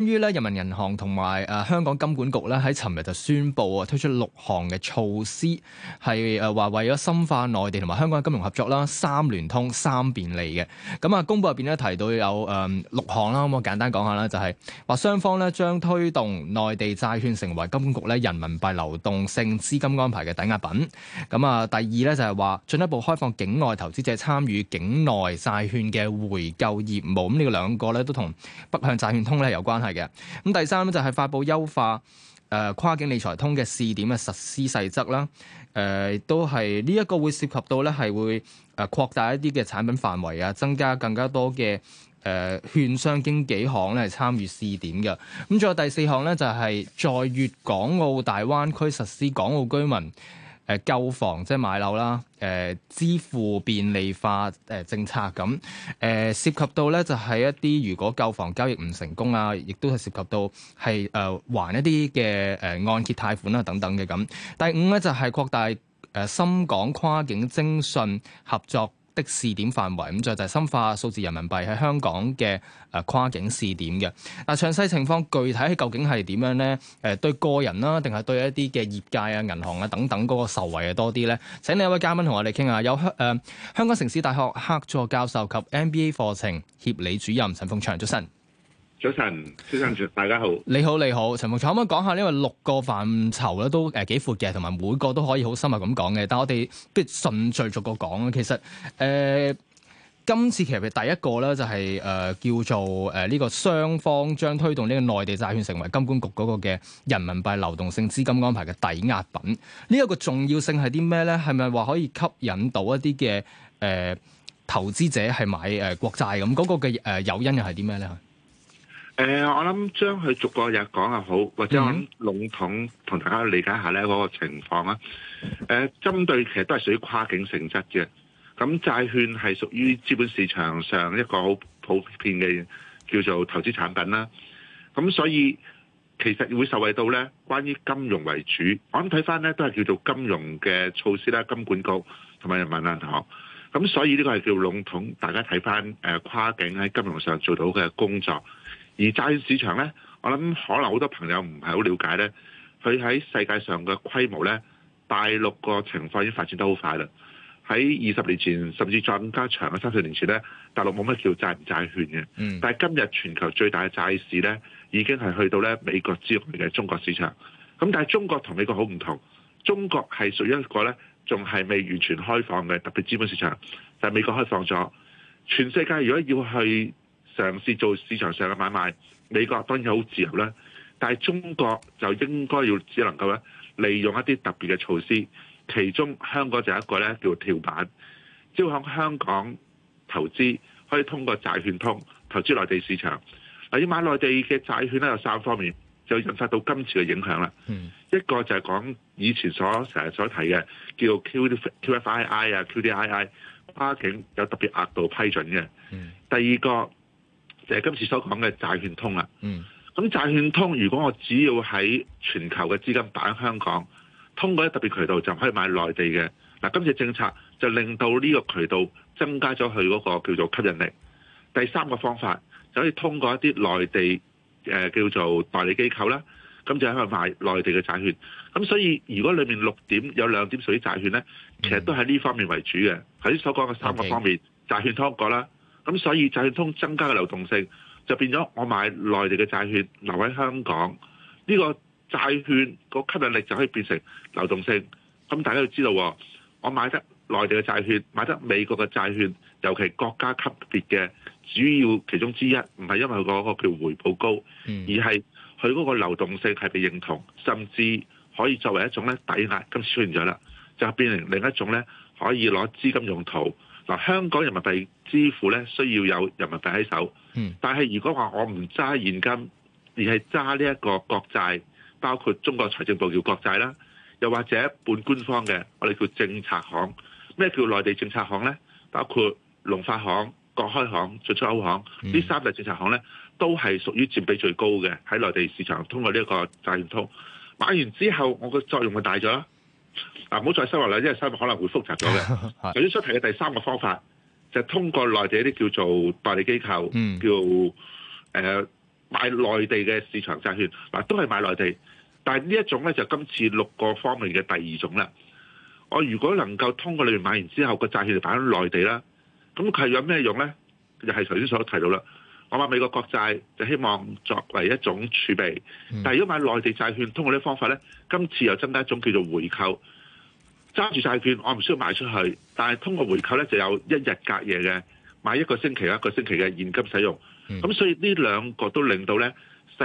關於咧，於人民銀行同埋誒香港金管局咧，喺尋日就宣布啊，推出六項嘅措施，係誒話為咗深化內地同埋香港金融合作啦，三聯通、三便利嘅。咁啊，公佈入邊咧提到有誒六項啦，咁我簡單講下啦，就係話雙方咧將推動內地債券成為金管局咧人民幣流動性資金安排嘅抵押品。咁啊，第二咧就係話進一步開放境外投資者參與境內債券嘅回購業務。咁呢個兩個咧都同北向債券通咧有關係。嘅，咁第三咧就係、是、發布優化誒跨境理財通嘅試點嘅實施細則啦，誒、呃、都係呢一個會涉及到咧係會誒擴大一啲嘅產品範圍啊，增加更加多嘅誒券商經紀行咧係參與試點嘅，咁仲有第四項咧就係、是、在粵港澳大灣區實施港澳居民。誒購、呃、房即係買樓啦，誒、呃、支付便利化誒、呃、政策咁，誒、呃、涉及到咧就係、是、一啲如果購房交易唔成功啊，亦都係涉及到係誒、呃、還一啲嘅誒按揭貸款啊等等嘅咁。第五咧就係、是、擴大誒、呃、深港跨境徵信合作。的試點範圍，咁再就係深化數字人民幣喺香港嘅誒跨境試點嘅。嗱，詳細情況，具體究竟係點樣咧？誒、呃，對個人啦、啊，定係對一啲嘅業界啊、銀行啊等等嗰個受惠嘅多啲咧？請你一位嘉賓同我哋傾下，有香誒、呃、香港城市大學客座教授及 MBA 課程協理主任陳鳳翔，早晨。早晨，早晨，早晨，大家好。你好，你好，陳鳳翔可唔可以講下？因為六個範疇咧都誒幾闊嘅，同埋每個都可以好深入咁講嘅。但我哋不如順序逐個講。其實誒、呃，今次其實第一個咧就係、是、誒、呃、叫做誒呢、呃這個雙方將推動呢個內地債券成為金管局嗰個嘅人民幣流動性資金安排嘅抵押品。呢、這、一個重要性係啲咩咧？係咪話可以吸引到一啲嘅誒投資者係買誒、呃、國債咁？嗰個嘅誒誘因又係啲咩咧？誒、呃，我諗將佢逐個日講又好，或者籠統同大家理解一下咧嗰、那個情況針、啊、誒、呃，針對其實都係屬於跨境性質嘅，咁債券係屬於資本市場上一個好普遍嘅叫做投資產品啦。咁所以其實會受惠到咧，關於金融為主，我諗睇翻咧都係叫做金融嘅措施啦，金管局同埋人民銀行。咁所以呢個係叫籠統，大家睇翻誒跨境喺金融上做到嘅工作。而債券市場咧，我諗可能好多朋友唔係好了解咧，佢喺世界上嘅規模咧，大陸個情況已經發展得好快啦。喺二十年前，甚至再更加長嘅三十年前咧，大陸冇乜叫債唔債券嘅。嗯。但係今日全球最大嘅債市咧，已經係去到咧美國之外嘅中國市場。咁但係中國同美國好唔同，中國係屬於一個咧，仲係未完全開放嘅，特別資本市場，但係美國開放咗。全世界如果要去，嘗試做市場上嘅買賣，美國當然好自由啦。但係中國就應該要只能夠咧利用一啲特別嘅措施，其中香港就有一個咧叫跳板，即係響香港投資可以通過債券通投資內地市場。嗱，要買內地嘅債券咧有三方面，就引發到今次嘅影響啦。Mm. 一個就係講以前所成日所提嘅叫做 QFII 啊、QDII 跨境有特別額度批准嘅。Mm. 第二個。今次所講嘅債券通啦。嗯，咁債券通如果我只要喺全球嘅資金擺喺香港，通過一特別渠道就可以買內地嘅。嗱，今次政策就令到呢個渠道增加咗佢嗰個叫做吸引力。第三個方法就可以通過一啲內地誒叫做代理機構啦。咁就喺度買內地嘅債券，咁所以如果裏面六點有兩點屬於債券呢，其實都係呢方面為主嘅。喺所講嘅三個方面，嗯、債券通過啦。咁所以債券通增加嘅流動性，就變咗我買內地嘅債券留喺香港，呢個債券個吸引力就可以變成流動性。咁大家要知道，我買得內地嘅債券，買得美國嘅債券，尤其國家級別嘅，主要其中之一，唔係因為嗰個叫回報高，而係佢嗰個流動性係被認同，甚至可以作為一種咧抵押，咁出現咗啦，就變成另一種咧可以攞資金用途。嗱，香港人民幣支付咧需要有人民幣喺手，嗯、但係如果話我唔揸現金，而係揸呢一個國債，包括中國財政部叫國債啦，又或者半官方嘅我哋叫政策行，咩叫內地政策行咧？包括農發行、國開行、進出口行，呢、嗯、三大政策行咧都係屬於佔比最高嘅喺內地市場，通過呢一個債券通買完之後，我個作用係大咗啦。嗱，唔好、啊、再收落啦，因為收入可能會複雜咗嘅。頭 先所提嘅第三個方法，就係、通過內地一啲叫做代理機構，嗯、叫誒、呃、買內地嘅市場債券，嗱、啊、都係買內地。但係呢一種咧，就係、今次六個方面嘅第二種啦。我如果能夠通過你哋買完之後，個債券就擺喺內地啦，咁佢有咩用咧？就係頭先所提到啦。我話美國國債就希望作為一種儲備，但係如果買內地債券，通過呢方法咧，今次又增加一種叫做回購，揸住債券我唔需要賣出去，但係通過回購咧，就有一日隔夜嘅買一個星期、一個星期嘅現金使用，咁所以呢兩個都令到咧。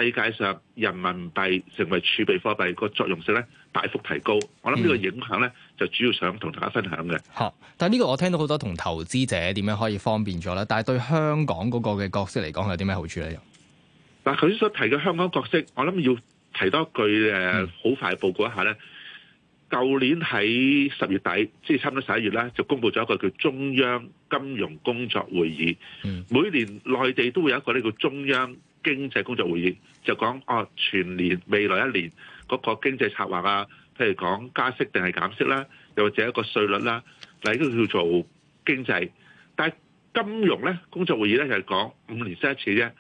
世界上人民幣成為儲備貨幣個作用性咧大幅提高，我諗呢個影響咧就主要想同大家分享嘅，嗯。但係呢個我聽到好多同投資者點樣可以方便咗啦。但係對香港嗰個嘅角色嚟講有啲咩好處咧？又嗱，頭先所提嘅香港角色，我諗要提多一句誒，好快報告一下咧。舊、嗯、年喺十月底，即、就、係、是、差唔多十一月咧，就公布咗一個叫中央金融工作會議。嗯、每年內地都會有一個呢叫中央。經濟工作會議就講哦，全年未來一年嗰個經濟策劃啊，譬如講加息定係減息啦，又或者一個稅率啦，嗱，呢個叫做經濟。但係金融咧，工作會議咧就係講五年先一次啫。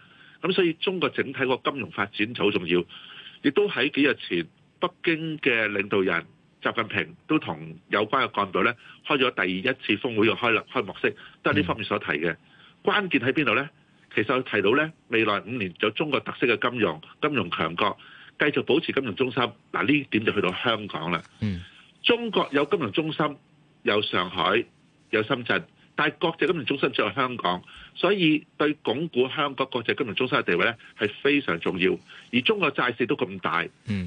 咁所以中國整體個金融發展就好重要，亦都喺幾日前北京嘅領導人習近平都同有關嘅幹部咧開咗第一次峰會嘅開幕式，都係呢方面所提嘅。關鍵喺邊度咧？其實佢提到咧，未來五年有中國特色嘅金融、金融強國，繼續保持金融中心。嗱，呢點就去到香港啦。嗯，中國有金融中心，有上海，有深圳，但係國際金融中心只在香港，所以對鞏固香港國際金融中心嘅地位咧，係非常重要。而中國債市都咁大，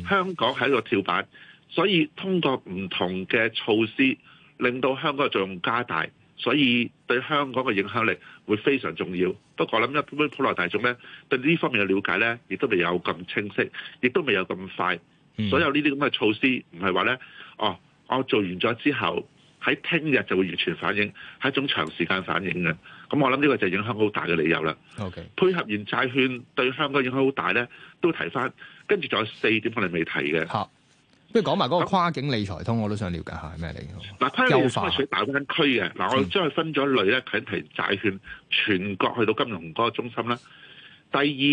香港係一個跳板，所以通過唔同嘅措施，令到香港嘅作用加大。所以對香港嘅影響力會非常重要。不過我諗一般普羅大眾咧，對呢方面嘅了解咧，亦都未有咁清晰，亦都未有咁快。嗯、所有呢啲咁嘅措施，唔係話咧，哦，我做完咗之後，喺聽日就會完全反映，係一種長時間反應嘅。咁、嗯、我諗呢個就係影響好大嘅理由啦。OK，配合完債券對香港影響好大咧，都提翻，跟住仲有四點可能未提嘅吓。不如講埋嗰個跨境理財通，嗯、我都想了解下係咩嚟嘅。嗱，跨境理財通係屬於大灣區嘅。嗱、嗯，我將佢分咗類咧，第一係債券，全國去到金融嗰個中心啦。第二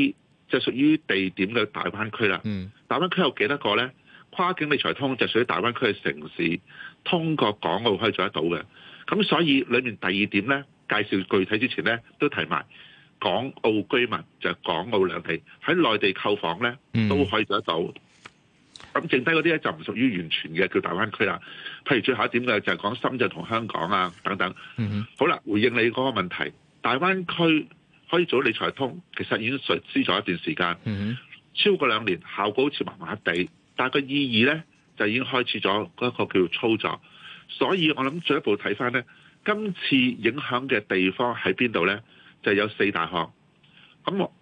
就屬於地點嘅大灣區啦。嗯、大灣區有幾多個咧？跨境理財通就是屬於大灣區嘅城市，通過港澳可以做得到嘅。咁所以裏面第二點咧，介紹具體之前咧，都提埋港澳居民就係、港澳兩地喺內地購房咧都可以做得到。嗯咁剩低嗰啲咧就唔屬於完全嘅叫大灣區啦。譬如最後一點嘅就係講深圳同香港啊等等。嗯、mm，hmm. 好啦，回應你嗰個問題，大灣區可以做理財通，其實已經實施咗一段時間。嗯、mm hmm. 超過兩年效果好似麻麻地，但係個意義咧就已經開始咗嗰個叫操作。所以我諗進一步睇翻咧，今次影響嘅地方喺邊度咧，就有四大項。咁、嗯、我。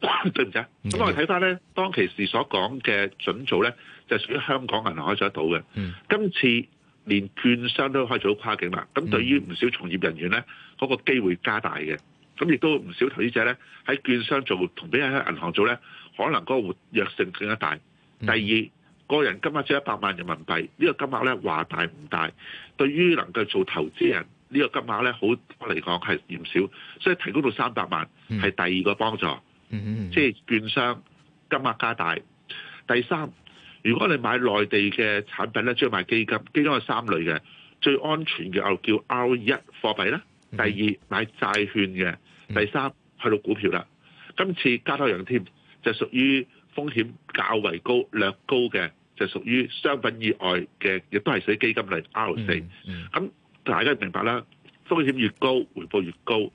對唔住、啊，咁我哋睇翻咧，當其時所講嘅準做咧，就屬、是、於香港銀行可以做得到嘅。嗯、今次連券商都可以做到跨境啦。咁對於唔少從業人員咧，嗰、那個機會加大嘅。咁亦都唔少投資者咧喺券商做，同比喺銀行做咧，可能嗰個活躍性更加大。嗯、第二，個人金額只一百萬人民幣呢、這個金額咧話大唔大？對於能夠做投資人呢、這個金額咧，好嚟講係嫌少，所以提高到三百萬係、嗯、第二個幫助。嗯，即係券商金額加大。第三，如果你買內地嘅產品咧，將要買基金，基金有三類嘅，最安全嘅又叫 R1 貨幣啦。第二買債券嘅，第三去到股票啦。今次加多樣添，就屬於風險較為高、略高嘅，就屬於商品以外嘅，亦都係屬於基金類 R4。咁、嗯嗯、大家明白啦，風險越高，回報越高。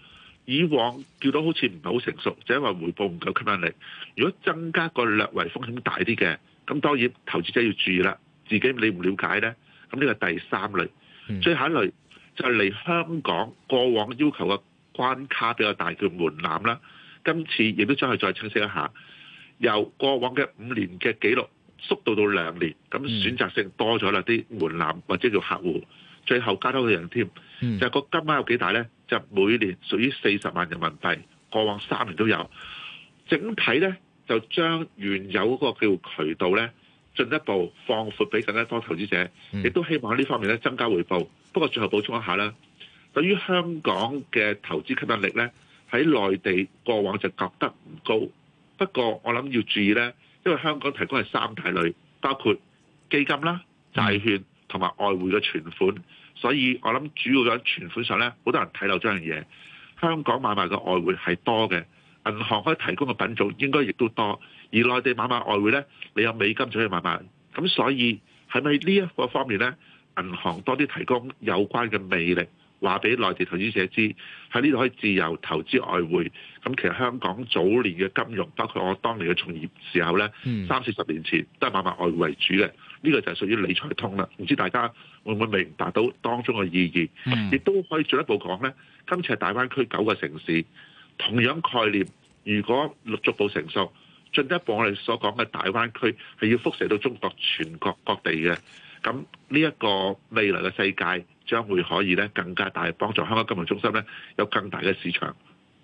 以往叫到好似唔係好成熟，就是、因為回報唔夠吸引力。如果增加個略為風險大啲嘅，咁當然投資者要注意啦，自己你唔了解呢，咁呢個第三類，嗯、最後一類就係、是、嚟香港過往要求嘅關卡比較大叫門檻啦。今次亦都將佢再清晰一下，由過往嘅五年嘅記錄縮到到兩年，咁選擇性多咗啦啲門檻或者叫客戶，最後加多個人添，嗯、就係個金額有幾大呢？每年屬於四十萬人民幣，過往三年都有。整體咧就將原有嗰個叫渠道咧，進一步放闊俾更加多投資者，亦、嗯、都希望喺呢方面咧增加回報。不過最後補充一下啦，對於香港嘅投資吸引力咧，喺內地過往就覺得唔高。不過我諗要注意咧，因為香港提供係三大類，包括基金啦、債、嗯、券同埋外匯嘅存款。所以我諗主要嘅存款上咧，好多人睇漏咗樣嘢。香港買賣嘅外匯係多嘅，銀行可以提供嘅品種應該亦都多。而內地買賣外匯咧，你有美金就可以買賣。咁所以係咪呢一個方面咧，銀行多啲提供有關嘅魅力，話俾內地投資者知，喺呢度可以自由投資外匯。咁其實香港早年嘅金融，包括我當年嘅從業時候咧，嗯、三四十年前都係買賣外匯為主嘅。呢個就係屬於理財通啦，唔知大家會唔會明白到當中嘅意義？亦都可以進一步講呢，今次係大灣區九個城市同樣概念，如果陸逐步成熟，進一步我哋所講嘅大灣區係要輻射到中國全國各地嘅，咁呢一個未來嘅世界將會可以呢更加大幫助香港金融中心，呢有更大嘅市場。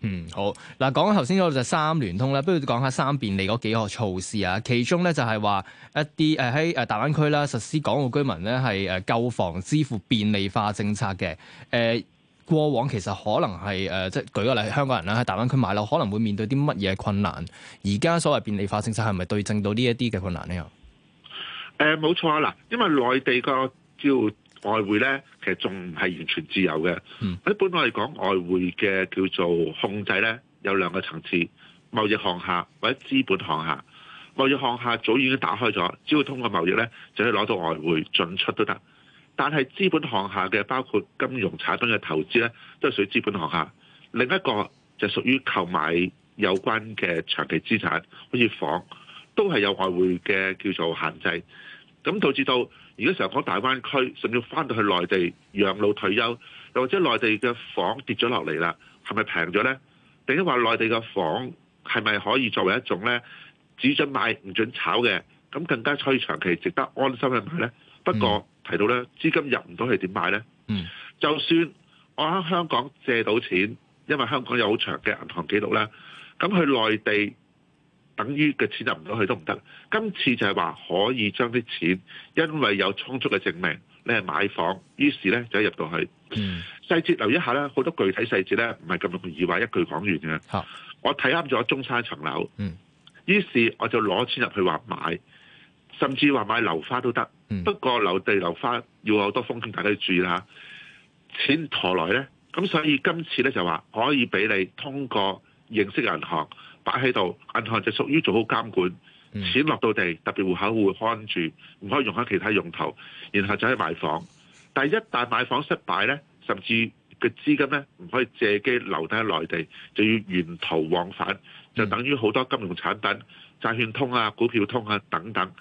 嗯，好。嗱，講頭先嗰度就三聯通啦。不如講下三便利嗰幾項措施啊。其中咧就係話一啲誒喺誒大灣區啦，實施港澳居民咧係誒購房支付便利化政策嘅。誒、呃、過往其實可能係誒即係舉個例，香港人啦喺大灣區買樓可能會面對啲乜嘢困難？而家所謂便利化政策係咪對症到呢一啲嘅困難呢？啊、呃，誒冇錯啊！嗱，因為內地個條外匯咧，其實仲唔係完全自由嘅。一般我嚟講外匯嘅叫做控制咧，有兩個層次：貿易項下或者資本項下。貿易項下早已經打開咗，只要通過貿易咧，就可以攞到外匯進出都得。但係資本項下嘅包括金融產品嘅投資咧，都係屬於資本項下。另一個就屬於購買有關嘅長期資產，好似房，都係有外匯嘅叫做限制。咁導致到而家成日講大灣區，甚至要翻到去內地養老退休，又或者內地嘅房跌咗落嚟啦，係咪平咗呢？定係話內地嘅房係咪可以作為一種呢？只准買唔准炒嘅，咁更加可以長期值得安心去買呢？嗯，不過提到呢，資金入唔到去點買呢？嗯，就算我喺香港借到錢，因為香港有好長嘅銀行記錄呢，咁去內地。等於嘅錢入唔到去都唔得，今次就係話可以將啲錢，因為有充足嘅證明，你係買房，於是咧就入到去。細節、嗯、留意一下咧，好多具體細節咧唔係咁容易話一句講完嘅。哈我睇啱咗中山層樓，於、嗯、是我就攞錢入去話買，甚至話買樓花都得。嗯、不過樓地樓花要有好多風險，大家要注意啦。錢攞來咧，咁所以今次咧就話可以俾你通過認識銀行。擺喺度，銀行就屬於做好監管，嗯、錢落到地，特別戶口會看住，唔可以用喺其他用途，然後就去買房。但係一旦買房失敗呢，甚至嘅資金呢，唔可以借機留低喺內地，就要沿途往返，就等於好多金融產品、債券通啊、股票通啊等等，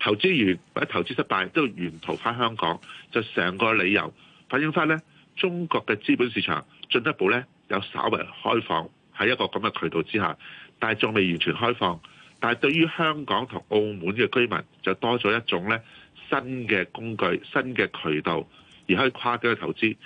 投資完或者投資失敗都要沿途返香港，就成個理由反映翻呢中國嘅資本市場進一步呢有稍為開放喺一個咁嘅渠道之下。但係仲未完全開放，但係對於香港同澳門嘅居民就多咗一種咧新嘅工具、新嘅渠道，而可以跨境去投資。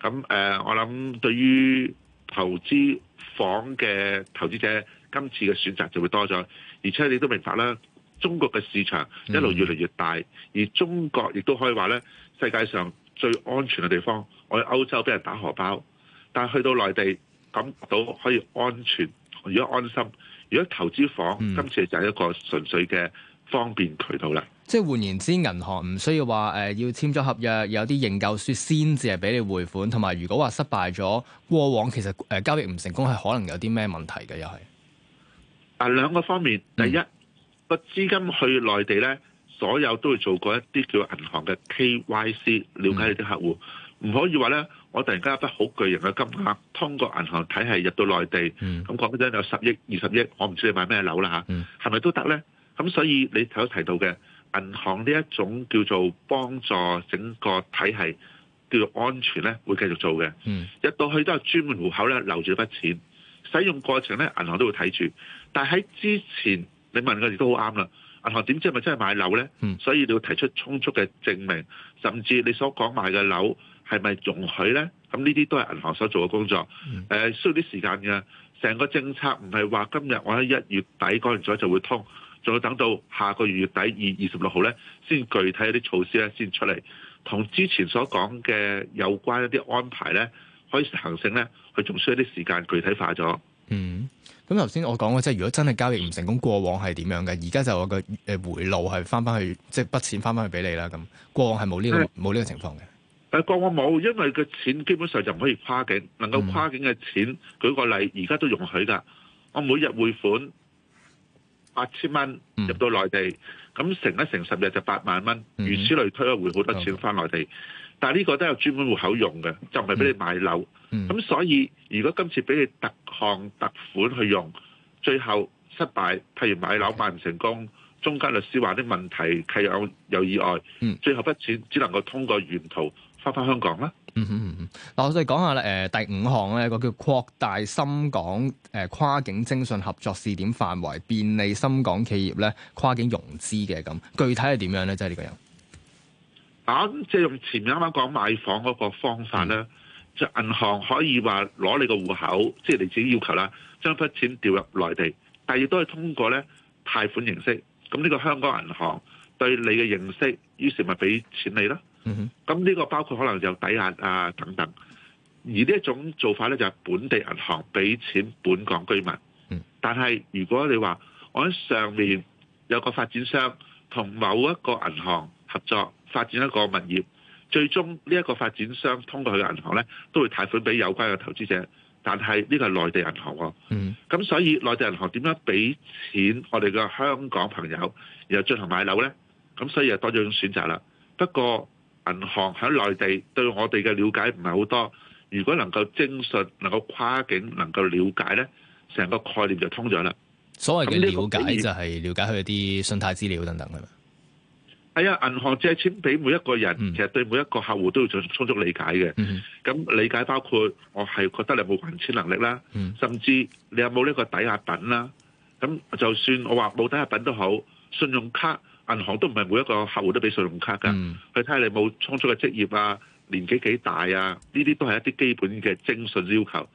咁、呃、我諗對於投資房嘅投資者，今次嘅選擇就會多咗。而且你都明白啦，中國嘅市場一路越嚟越大，嗯、而中國亦都可以話咧，世界上最安全嘅地方，我喺歐洲俾人打荷包，但去到內地，感覺到可以安全。如果安心，如果投資房、嗯、今次就係一個純粹嘅方便渠道啦。即係、嗯就係、換言之，銀行唔需要話誒要簽咗合約，有啲認購書先至係俾你匯款。同埋，如果話失敗咗，過往其實誒交易唔成功係可能有啲咩問題嘅，又係。啊，兩個方面，第一個、嗯、資金去內地咧，所有都會做過一啲叫銀行嘅 KYC，、嗯、了解你啲客戶，唔可以話咧。我突然間一筆好巨型嘅金額，通過銀行體系入到內地，咁講、嗯、真有十億、二十億，我唔知你買咩樓啦嚇，係咪、嗯、都得呢？咁所以你頭提到嘅銀行呢一種叫做幫助整個體系叫做安全呢，會繼續做嘅。入、嗯、到去都係專門戶口呢，留住筆錢，使用過程呢，銀行都會睇住。但係喺之前你問個字都好啱啦，銀行點知係咪真係買樓呢？所以你要提出充足嘅證明，甚至你所講買嘅樓。係咪容許咧？咁呢啲都係銀行所做嘅工作。誒、嗯呃，需要啲時間嘅。成個政策唔係話今日我喺一月底講完咗就會通，仲要等到下個月月底二二十六號咧，先具體一啲措施咧先出嚟。同之前所講嘅有關一啲安排咧，可以實行咧，佢仲需要啲時間具體化咗。嗯，咁頭先我講嘅即係如果真係交易唔成功，過往係點樣嘅？而家就我個誒回路係翻翻去，即係筆錢翻翻去俾你啦。咁過往係冇呢個冇呢、嗯、個情況嘅。但講我冇，因為個錢基本上就唔可以跨境，能夠跨境嘅錢，舉個例，而家、嗯、都容許噶。我每日匯款八千蚊入到內地，咁、嗯、成一成十日就八萬蚊，如此類推，我匯好多錢翻內地。嗯、但呢個都有專門戶口用嘅，就唔係俾你買樓。咁、嗯、所以如果今次俾你特項特款去用，最後失敗，譬如買樓買唔成功，中間律師話啲問題契有有意外，嗯、最後筆錢只能夠通過沿途。翻翻香港啦、嗯，嗯嗯嗯，嗱我再講下咧，誒、呃、第五項咧個叫擴大深港誒、呃、跨境徵信合作試點範圍，便利深港企業咧跨境融資嘅咁，具體係點樣咧？即係呢個樣，啊，即係用前面啱啱講買房嗰個方法咧，嗯、就銀行可以話攞你個戶口，即、就、係、是、你自己要求啦，將筆錢調入內地，但係亦都係通過咧貸款形式，咁呢個香港銀行對你嘅認識，於是咪俾錢你咯。嗯，咁呢個包括可能有抵押啊等等，而呢一種做法咧就係本地銀行俾錢本港居民，但係如果你話我喺上面有個發展商同某一個銀行合作發展一個物業，最終呢一個發展商通過佢嘅銀行呢，都會貸款俾有關嘅投資者，但是這是、哦 mm，但係呢個係內地銀行，嗯，咁所以內地銀行點樣俾錢我哋嘅香港朋友然後進行買樓呢？咁所以又多咗一種選擇啦。不過銀行喺內地對我哋嘅了解唔係好多，如果能夠徵信，能夠跨境、能夠了解呢，成個概念就通咗啦。所謂嘅了解就係了解佢啲信貸資料等等噶嘛。係啊、哎，銀行借錢俾每一個人，嗯、其實對每一個客戶都要做充足理解嘅。咁、嗯、理解包括我係覺得你冇還錢能力啦，嗯、甚至你有冇呢個抵押品啦。咁就算我話冇抵押品都好，信用卡。銀行都唔係每一個客戶都俾信用卡㗎，嗯、去睇下你冇充足嘅職業啊，年紀幾大啊，呢啲都係一啲基本嘅徵信要求。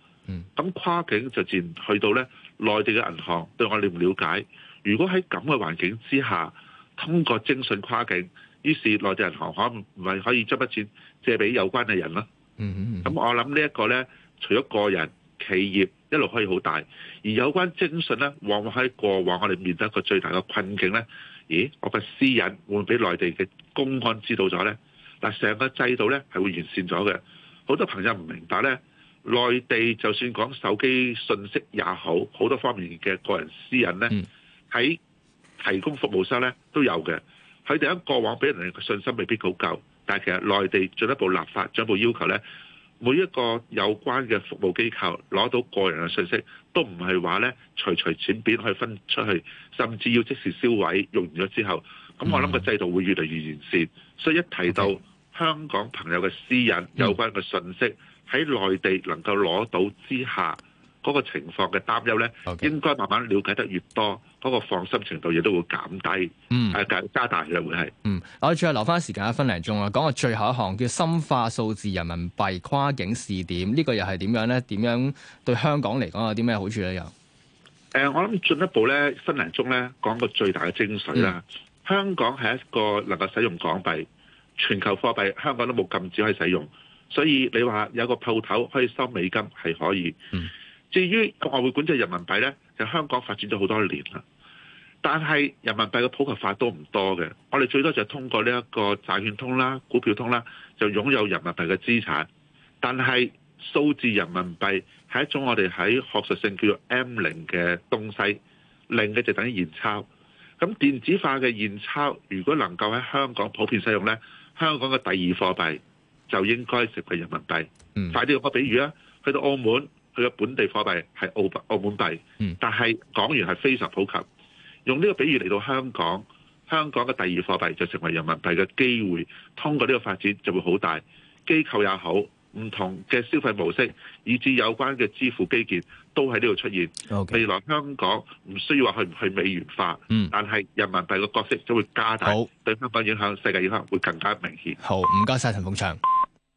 咁、嗯、跨境就自然去到呢，內地嘅銀行對我哋唔了解。如果喺咁嘅環境之下，通過徵信跨境，於是內地銀行可唔係可以將筆錢借俾有關嘅人啦。咁、嗯嗯嗯、我諗呢一個呢，除咗個人、企業一路可以好大，而有關徵信呢，往往喺過往我哋面對一個最大嘅困境呢。咦，我嘅私隱會唔會俾內地嘅公安知道咗呢？但成個制度呢係會完善咗嘅。好多朋友唔明白呢，內地就算講手機信息也好，好多方面嘅個人私隱呢，喺提供服務商呢都有嘅。佢哋喺過往俾人哋嘅信心未必好夠，但係其實內地進一步立法進一步要求呢。每一個有關嘅服務機構攞到個人嘅信息，都唔係話呢，隨隨便便去分出去，甚至要即時銷毀，用完咗之後。咁我諗個制度會越嚟越完善，所以一提到香港朋友嘅私隱 Okay. 有關嘅信息喺內地能夠攞到之下。嗰個情況嘅擔憂咧，Okay. 應該慢慢了解得越多，嗰、那個放心程度亦都會減低，誒、嗯呃，加大嘅會係。嗯，我哋仲係留翻時間一分零鐘啊，講個最後一項叫深化數字人民幣跨境試點，呢、這個又係點樣咧？點樣對香港嚟講有啲咩好處咧？又誒、呃，我諗進一步咧，分零鐘咧講個最大嘅精髓啦。嗯、香港係一個能夠使用港幣、全球貨幣，香港都冇禁止可以使用，所以你話有個鋪頭可以收美金係可以。嗯至於外匯管制人民幣咧，就香港發展咗好多年啦。但係人民幣嘅普及化都唔多嘅，我哋最多就係通過呢一個債券通啦、股票通啦，就擁有人民幣嘅資產。但係數字人民幣係一種我哋喺學術性叫做 M 零嘅東西，零嘅就等於現鈔。咁電子化嘅現鈔如果能夠喺香港普遍使用咧，香港嘅第二貨幣就應該成為人民幣。嗯，快啲用個比喻啊，去到澳門。佢嘅本地貨幣係澳澳門幣，但係港元係非常普及。用呢個比喻嚟到香港，香港嘅第二貨幣就成為人民幣嘅機會。通過呢個發展就會好大，機構也好，唔同嘅消費模式，以至有關嘅支付基建都喺呢度出現。Okay. 未來香港唔需要話去唔去美元化，mm. 但係人民幣嘅角色就會加大好對香港影響、世界影響會更加明顯。好，唔該晒陳鳳翔。